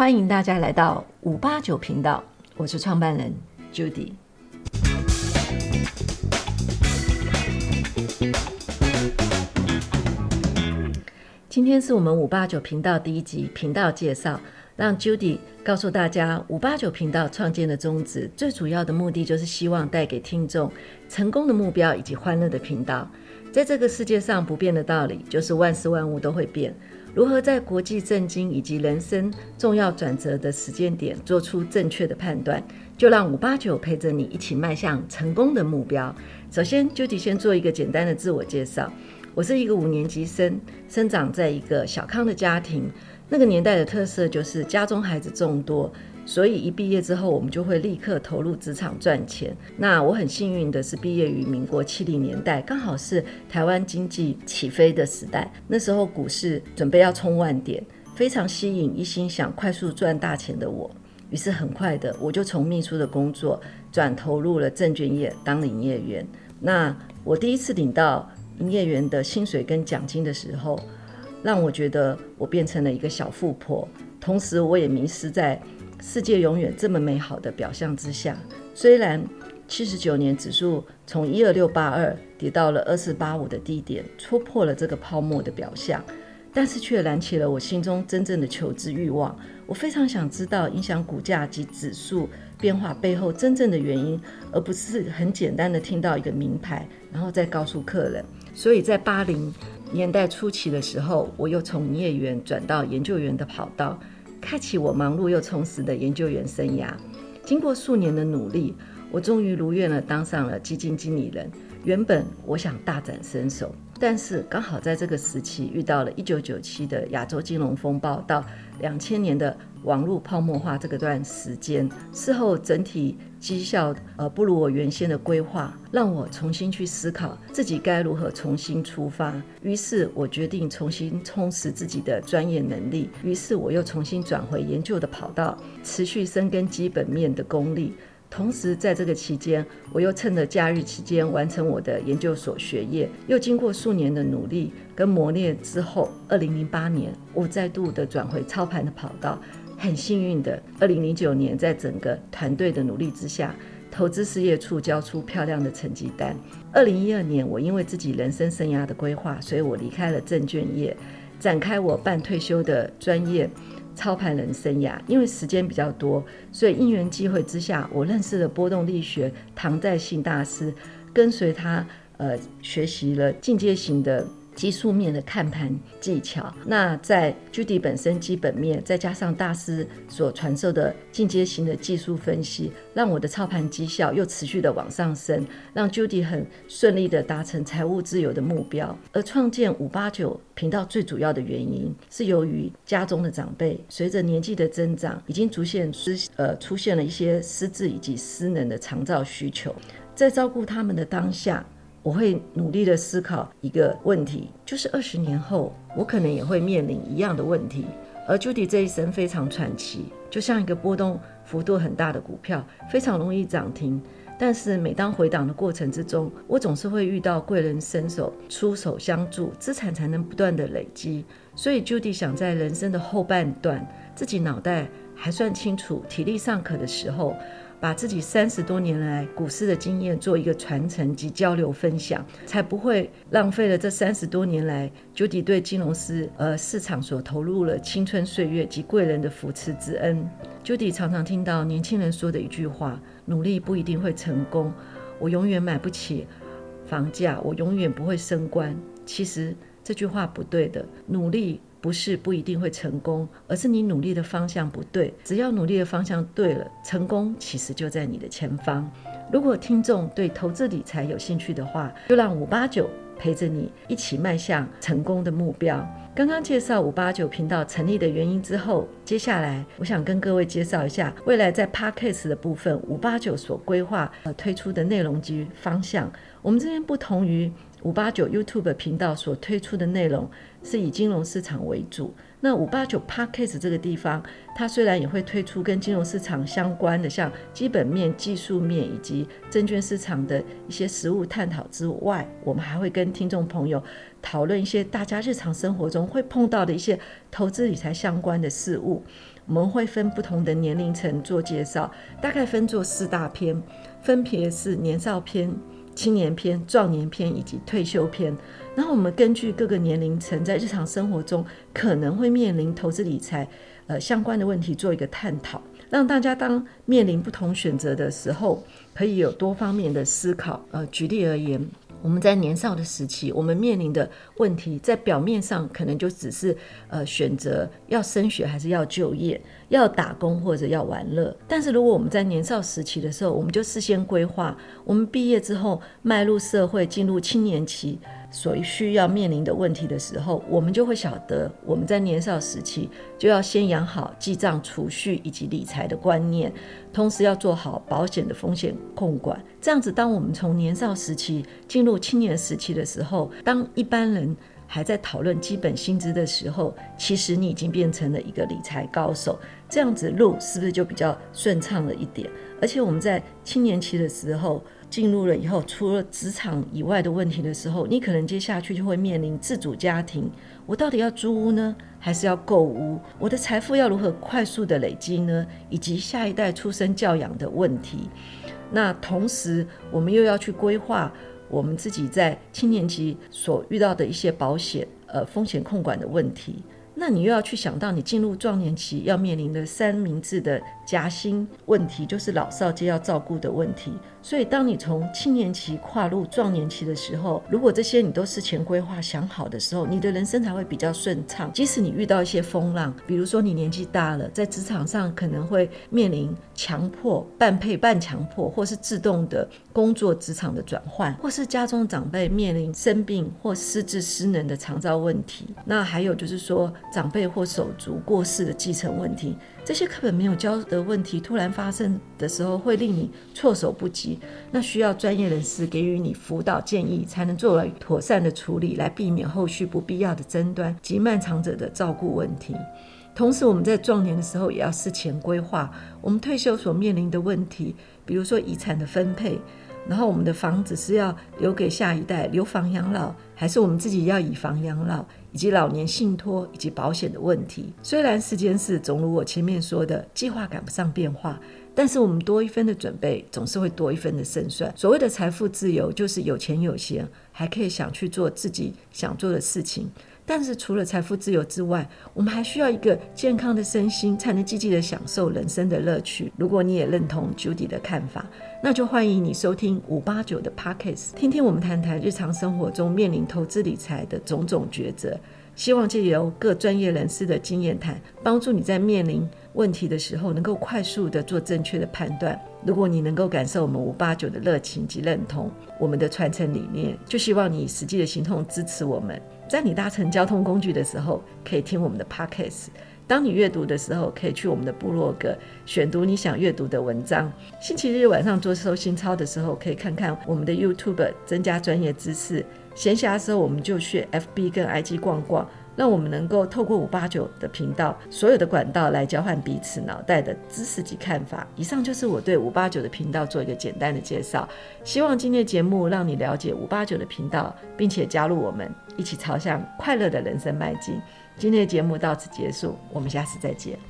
歡迎大家來到589頻道，我是創辦人 Judy。今天是我們589頻道第一集，頻道介紹，讓 Judy 告訴大家589頻道創建的宗旨，最主要的目的就是希望帶給聽眾成功的目標以及歡樂的頻道。在這個世界上不變的道理，就是萬事萬物都會變。如何在國際政經以及人生重要轉折的時間點做出正確的判斷？就讓589陪着你一起邁向成功的目標。首先，Judy 先做一個簡單的自我介紹。我是一個五年級生，生長在一個小康的家庭。那個年代的特色就是家中孩子眾多。所以一畢業之後，我們就會立刻投入職場賺錢。那我很幸運的是，畢業於民國七零年代，剛好是台灣經濟起飛的時代。那時候股市準備要衝萬點，非常吸引一心想快速賺大錢的我。於是很快的，我就從秘書的工作轉投入了證券業，當了營業員。那我第一次領到營業員的薪水跟獎金的時候，讓我覺得我變成了一個小富婆。同時，我也迷失在世界永遠這麼美好的表象之下，雖然七十九年指數從一二六八二跌到了二四八五的低點，戳破了這個泡沫的表象，但是卻燃起了我心中真正的求知欲望。我非常想知道影響股價及指數變化背後真正的原因，而不是很簡單的聽到一個名牌，然後再告訴客人。所以在八零年代初期的時候，我又從營業員轉到研究員的跑道。開啟我忙碌又充實的研究員生涯。經過數年的努力，我終於如願了，當上了基金經理人。原本我想大展身手。但是剛好在這個時期遇到了一九九七的亞洲金融風暴，到兩千年的網絡泡沫化這個段時間，事後整體績效呃不如我原先的規劃，讓我重新去思考自己該如何重新出發。於是我決定重新充實自己的專業能力，於是我又重新轉回研究的跑道，持續深耕基本面的功力。同時，在這個期間，我又趁着假日期間完成我的研究所學業。又經過數年的努力跟磨練之後，二零零八年，我再度的轉回操盤的跑道。很幸運的，二零零九年，在整個團隊的努力之下，投資事業處交出漂亮的成績單。二零一二年，我因為自己人生生涯的規劃，所以我離開了證券業，展開我半退休的專業。操盤人生涯，因為時間比較多，所以因緣際會之下，我認識了波動力學唐在信大師，跟隨他呃學習了進階型的。技術面的看盤技巧，那在 Judy 本身基本面，再加上大師所傳授的進階型的技術分析，讓我的操盤績效又持續的往上升，讓 Judy 很順利的達成財務自由的目標。而創建五八九頻道最主要的原因，是由於家中的長輩隨着年紀的增長，已經逐漸失呃出現了一些失智以及失能的長照需求，在照顧他們的當下。我會努力的思考一個問題，就是二十年後我可能也會面臨一樣的問題。而 Judy 這一生非常傳奇，就像一個波動幅度很大的股票，非常容易漲停。但是每當回檔的過程之中，我總是會遇到貴人伸手，出手相助，資產才能不斷的累積。所以 Judy 想在人生的後半段，自己腦袋還算清楚，體力尚可的時候。把自己三十多年來股市的經驗做一個傳承及交流分享，才不會浪費了這三十多年來 Judy 對金融市呃市場所投入了青春歲月及貴人的扶持之恩。Judy 常常聽到年輕人說的一句話：努力不一定會成功，我永遠買不起房價，我永遠不會升官。其實這句話不對的，努力。不是不一定會成功，而是你努力的方向不對。只要努力的方向對了，成功其實就在你的前方。如果聽眾對投資理財有興趣的話，就讓五八九陪着你一起邁向成功的目標。剛剛介紹五八九頻道成立的原因之後，接下來我想跟各位介紹一下未來在 podcast 的部分，五八九所規劃和推出的內容及方向。我們這邊不同於。五八九 YouTube 頻道所推出的內容是以金融市場為主。那五八九 Podcast 這個地方，它雖然也會推出跟金融市場相關的，像基本面、技術面以及證券市場的一些實務探討之外，我們還會跟聽眾朋友討論一些大家日常生活中會碰到的一些投資理財相關的事物。我們會分不同的年齡層做介紹，大概分做四大篇，分別是年少篇。青年篇、壯年篇以及退休篇，然後我們根據各個年齡層在日常生活中可能會面臨投資理財，呃，相關的問題做一個探討，讓大家當面臨不同選擇的時候，可以有多方面的思考。呃，舉例而言。我們在年少的時期，我們面臨的問題在表面上可能就只是，呃，選擇要升學還是要就業，要打工或者要玩樂。但是，如果我們在年少時期的時候，我們就事先規劃，我們畢業之後邁入社會，進入青年期。所以需要面臨的問題的時候，我們就會曉得我們在年少時期就要先養好記賬、儲蓄以及理財的觀念，同時要做好保險的風險控管。這樣子，當我們從年少時期進入青年時期的時候，當一般人還在討論基本薪資的時候，其實你已經變成了一個理財高手。這樣子路是不是就比較順暢了一點？而且我們在青年期的時候。進入了以後，除了職場以外的問題的時候，你可能接下去就會面臨自主家庭。我到底要租屋呢，還是要購屋？我的財富要如何快速的累積呢？以及下一代出生教養的問題。那同時，我們又要去規劃我們自己在青年期所遇到的一些保險、呃，風險控管的問題。那你又要去想到，你進入壯年期要面臨的三明治的夾心問題，就是老少皆要照顧的問題。所以，當你從青年期跨入壯年期的時候，如果這些你都事前規劃想好的時候，你的人生才會比較順暢。即使你遇到一些風浪，比如說你年紀大了，在職場上可能會面臨強迫、半配半強迫，或是自動的工作職場的轉換，或是家中長輩面臨生病或失智失能的長照問題。那還有就是說，長輩或手足過世的繼承問題。這些課本沒有教的問題，突然發生的時候，會令你措手不及。那需要專業人士給予你輔導建議，才能做到妥善的處理，來避免後續不必要的爭端及漫長者的照顧問題。同時，我們在壯年的時候也要事前規劃我們退休所面臨的問題，比如說遺產的分配。然後我們的房子，是要留給下一代留房養老，還是我們自己要以房養老，以及老年信託以及保險的問題？雖然世間事總如我前面說的，計劃趕不上變化，但是我們多一分的準備，總是會多一分的勝算。所謂的財富自由，就是有錢有閒，還可以想去做自己想做的事情。但是除了財富自由之外，我們還需要一個健康的身心，才能積極地享受人生的樂趣。如果你也認同 Judy 的看法，那就歡迎你收聽五八九的 Podcast，聽聽我們談談日常生活中面臨投資理財的種種抉擇。希望借由各專業人士的經驗談，幫助你在面臨問題的時候，能夠快速地做正確的判斷。如果你能夠感受我們五八九的熱情及認同我們的傳承理念，就希望你實際的行動支持我們。在你搭乘交通工具的時候，可以聽我們的 Podcast。當你閱讀的時候，可以去我們的部落格選讀你想閱讀的文章。星期日晚上做收心操的時候，可以看看我們的 YouTube 增加專業知識。閒暇的時候，我們就去 FB 跟 IG 逛逛，讓我們能夠透過589的頻道所有的管道來交換彼此腦袋的知識及看法。以上就是我對589的頻道做一個簡單的介紹。希望今天的節目讓你了解589的頻道，並且加入我們一起朝向快樂的人生邁進。今天的節目到此結束，我們下次再見。